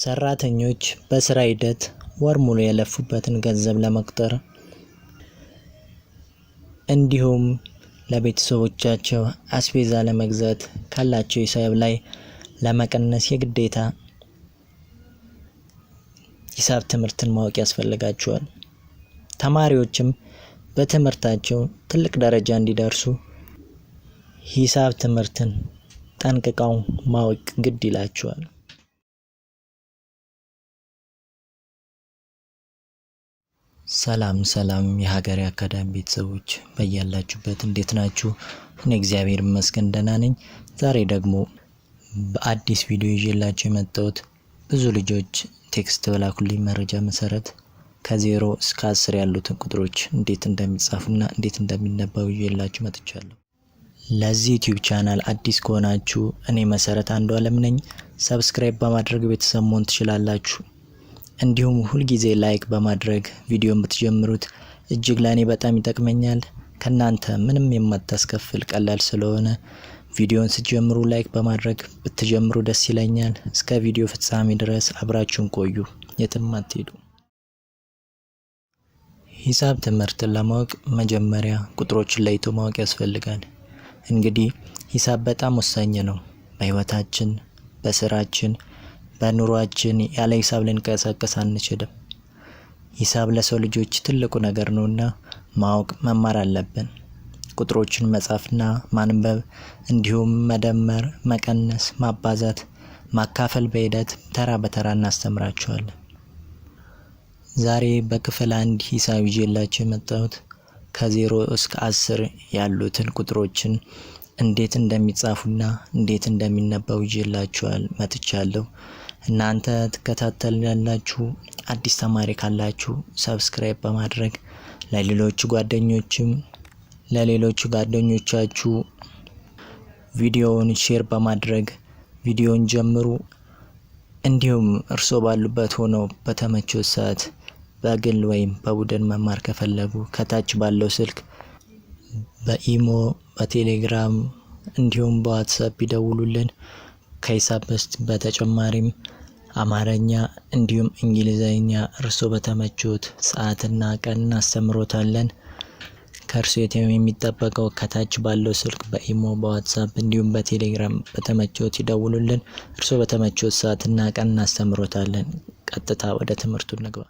ሰራተኞች በስራ ሂደት ወር ሙሉ የለፉበትን ገንዘብ ለመቁጠር እንዲሁም ለቤተሰቦቻቸው አስቤዛ ለመግዛት ካላቸው ሂሳብ ላይ ለመቀነስ የግዴታ ሂሳብ ትምህርትን ማወቅ ያስፈልጋቸዋል። ተማሪዎችም በትምህርታቸው ትልቅ ደረጃ እንዲደርሱ ሂሳብ ትምህርትን ጠንቅቀው ማወቅ ግድ ይላቸዋል። ሰላም ሰላም የሀገሬ አካዳሚ ቤተሰቦች በያላችሁበት እንዴት ናችሁ? እኔ እግዚአብሔር ይመስገን ደህና ነኝ። ዛሬ ደግሞ በአዲስ ቪዲዮ ይዤላችሁ የመጣሁት ብዙ ልጆች ቴክስት በላኩልኝ መረጃ መሰረት ከዜሮ እስከ አስር ያሉትን ቁጥሮች እንዴት እንደሚጻፉና እንዴት እንደሚነባው ይዤላችሁ መጥቻለሁ። ለዚህ ዩቲዩብ ቻናል አዲስ ከሆናችሁ እኔ መሰረት አንዱ አለም ነኝ። ሰብስክራይብ በማድረግ ቤተሰብ መሆን ትችላላችሁ። እንዲሁም ሁልጊዜ ላይክ በማድረግ ቪዲዮን ብትጀምሩት እጅግ ለእኔ በጣም ይጠቅመኛል። ከእናንተ ምንም የማታስከፍል ቀላል ስለሆነ ቪዲዮን ስትጀምሩ ላይክ በማድረግ ብትጀምሩ ደስ ይለኛል። እስከ ቪዲዮ ፍጻሜ ድረስ አብራችሁን ቆዩ፣ የትም አትሄዱ። ሂሳብ ትምህርትን ለማወቅ መጀመሪያ ቁጥሮችን ለይቶ ማወቅ ያስፈልጋል። እንግዲህ ሂሳብ በጣም ወሳኝ ነው በህይወታችን፣ በስራችን በኑሯችን ያለ ሂሳብ ልንቀሳቀስ አንችልም። ሂሳብ ለሰው ልጆች ትልቁ ነገር ነውና ማወቅ መማር አለብን። ቁጥሮችን መጻፍና ማንበብ እንዲሁም መደመር፣ መቀነስ፣ ማባዛት፣ ማካፈል በሂደት ተራ በተራ እናስተምራቸዋለን። ዛሬ በክፍል አንድ ሂሳብ ይዤላችሁ የመጣሁት ከዜሮ እስከ አስር ያሉትን ቁጥሮችን እንዴት እንደሚጻፉና እንዴት እንደሚነበቡ ይዤላችኋል መጥቻለሁ። እናንተ ትከታተሉ ያላችሁ አዲስ ተማሪ ካላችሁ ሰብስክራይብ በማድረግ ለሌሎች ጓደኞችም ለሌሎች ጓደኞቻችሁ ቪዲዮውን ሼር በማድረግ ቪዲዮውን ጀምሩ። እንዲሁም እርስዎ ባሉበት ሆነው በተመቸው ሰዓት በግል ወይም በቡድን መማር ከፈለጉ ከታች ባለው ስልክ በኢሞ፣ በቴሌግራም እንዲሁም በዋትሳፕ ይደውሉልን። ከሂሳብ በተጨማሪም አማርኛ እንዲሁም እንግሊዘኛ እርስዎ በተመቾት ሰዓትና ቀን እናስተምሮታለን። ከእርሱ የሚጠበቀው ከታች ባለው ስልክ በኢሞ በዋትሳፕ እንዲሁም በቴሌግራም በተመቾት ይደውሉልን። እርስዎ በተመቾት ሰዓትና ቀን እናስተምሮታለን። ቀጥታ ወደ ትምህርቱ እንግባ።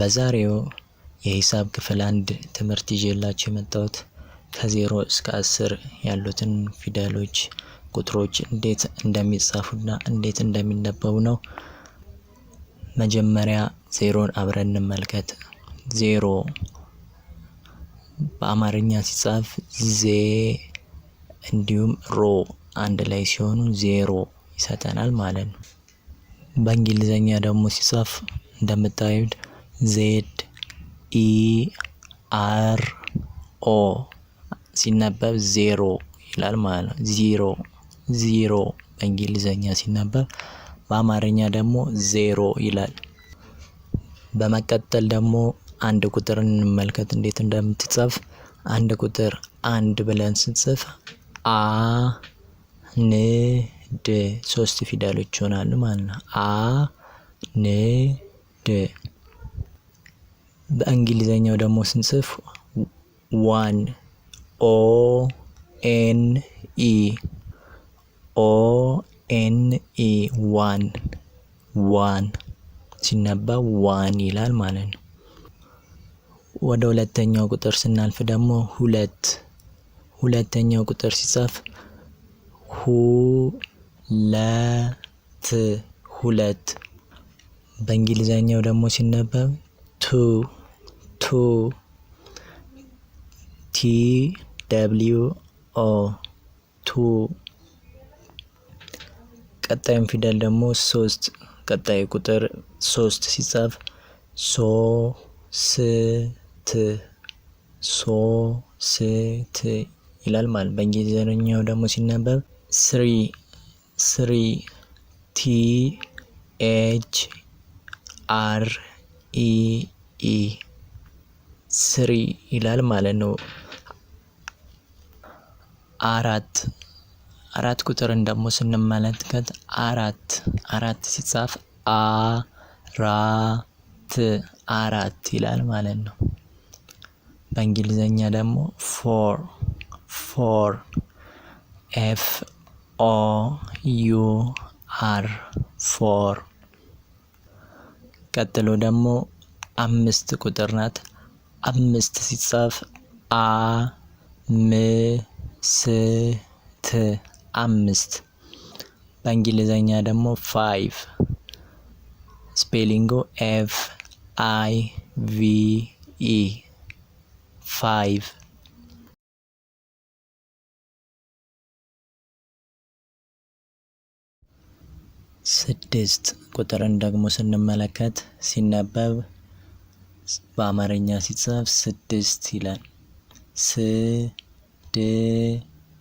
በዛሬው የሂሳብ ክፍል አንድ ትምህርት ይዤላችሁ የመጣሁት ከዜሮ እስከ አስር ያሉትን ፊደሎች፣ ቁጥሮች እንዴት እንደሚጻፉና እንዴት እንደሚነበቡ ነው። መጀመሪያ ዜሮን አብረን እንመልከት። ዜሮ በአማርኛ ሲጻፍ ዜ እንዲሁም ሮ አንድ ላይ ሲሆኑ ዜሮ ይሰጠናል ማለት ነው። በእንግሊዘኛ ደግሞ ሲጻፍ እንደምታዩት ዜድ ኢአር ኦ ሲነበብ ዜሮ ይላል ማለት ነው። ዜሮ ዜሮ በእንግሊዘኛ ሲነበብ በአማርኛ ደግሞ ዜሮ ይላል። በመቀጠል ደግሞ አንድ ቁጥርን እንመልከት እንዴት እንደምትጽፍ። አንድ ቁጥር አንድ ብለን ስንጽፍ አ ን ድ ሶስት ፊደሎች ይሆናሉ ማለት ነው። አ ን ድ በእንግሊዘኛው ደግሞ ስንጽፍ ዋን ኦ ኤን ኢ ኦ ኤን ኢ ዋን ዋን ሲነባ ዋን ይላል ማለት ነው። ወደ ሁለተኛው ቁጥር ስናልፍ ደግሞ ሁለት ሁለተኛው ቁጥር ሲጻፍ ሁለት ሁለት በእንግሊዘኛው ደግሞ ሲነበብ ቱ ቱ ቲ ደብሊው ኦ ቱ። ቀጣዩን ፊደል ደግሞ ሶስት ቀጣይ ቁጥር ሶስት ሲጻፍ ሶ ስት ሶ ስት ይላል ማለት በእንግሊዝኛው ደግሞ ሲነበብ ስሪ ስሪ ቲ ኤች አር ኢ ኢ ስሪ ይላል ማለት ነው። አራት አራት ቁጥርን ደግሞ ስንመለከት አራት አራት ሲጻፍ አ ራ ት አራት ይላል ማለት ነው። በእንግሊዘኛ ደግሞ ፎር ፎር ኤፍ ኦ ዩ አር ፎር። ቀጥሎ ደግሞ አምስት ቁጥር ናት። አምስት ሲጻፍ አ ም ስ ት አምስት። በእንግሊዘኛ ደግሞ ፋይቭ ስፔሊንጉ ኤፍ አይ ቪ ኢ ፋይቭ። ስድስት ቁጥርን ደግሞ ስንመለከት ሲነበብ በአማርኛ ሲጻፍ ስድስት ይላል።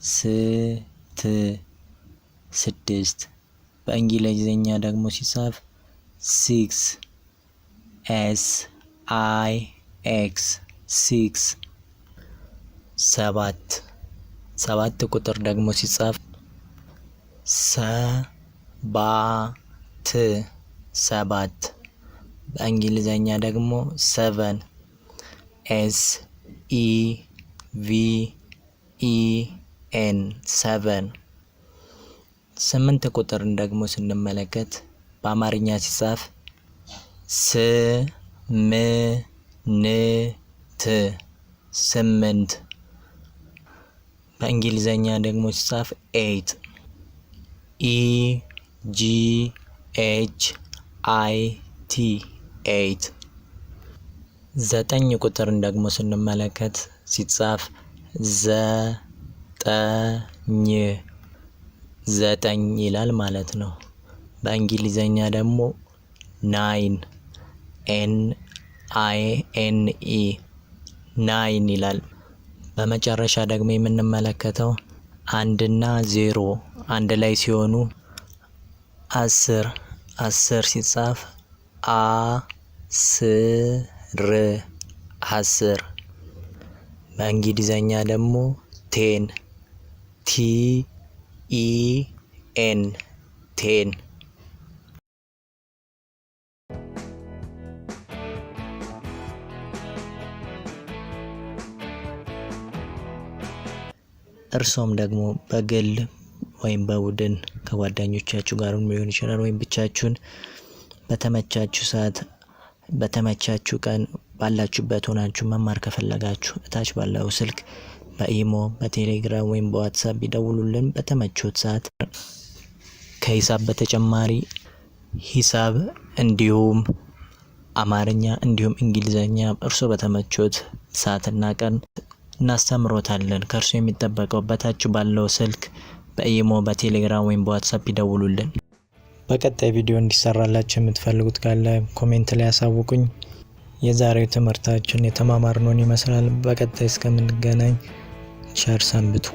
ስድስት ስድስት በእንግሊዝኛ ደግሞ ሲጻፍ ሲክስ ኤስ አይ ኤክስ ሲክስ ሰባት ሰባት ቁጥር ደግሞ ሲጻፍ ሰባት ሰባት በእንግሊዘኛ ደግሞ ሰቨን ኤስ ኢ ቪ ኢ ኤን ሰቨን። ስምንት ቁጥርን ደግሞ ስንመለከት በአማርኛ ሲጻፍ ስ ም ን ት ስምንት። በእንግሊዘኛ ደግሞ ሲጻፍ ኤት ኢ ጂ ኤች አይ ቲ ኤይት ዘጠኝ ቁጥርን ደግሞ ስንመለከት ሲጻፍ ዘጠኝ ዘጠኝ ይላል ማለት ነው። በእንግሊዘኛ ደግሞ ናይን ኤን አይ ኤን ኢ ናይን ይላል። በመጨረሻ ደግሞ የምንመለከተው አንድና ዜሮ አንድ ላይ ሲሆኑ አስር አስር ሲጻፍ አ ስር አስር በእንግሊዘኛ ደግሞ ቴን ቲ ኢ ኤን ቴን እርሶም ደግሞ በግል ወይም በቡድን ከጓደኞቻችሁ ጋር ሊሆን ይችላል ወይም ብቻችሁን በተመቻችሁ ሰዓት በተመቻችሁ ቀን ባላችሁበት ሆናችሁ መማር ከፈለጋችሁ እታች ባለው ስልክ በኢሞ በቴሌግራም ወይም በዋትሳፕ ይደውሉልን በተመቾት ሰዓት ከሂሳብ በተጨማሪ ሂሳብ እንዲሁም አማርኛ እንዲሁም እንግሊዘኛ እርስ በተመቾት ሰዓትና ቀን እናስተምሮታለን። ከእርሶ የሚጠበቀው በታች ባለው ስልክ በኢሞ በቴሌግራም ወይም በዋትሳፕ ይደውሉልን። በቀጣይ ቪዲዮ እንዲሰራላችሁ የምትፈልጉት ካለ ኮሜንት ላይ ያሳውቁኝ። የዛሬው ትምህርታችን የተማማርነውን ይመስላል። በቀጣይ እስከምንገናኝ ቸር ሰንብቱ።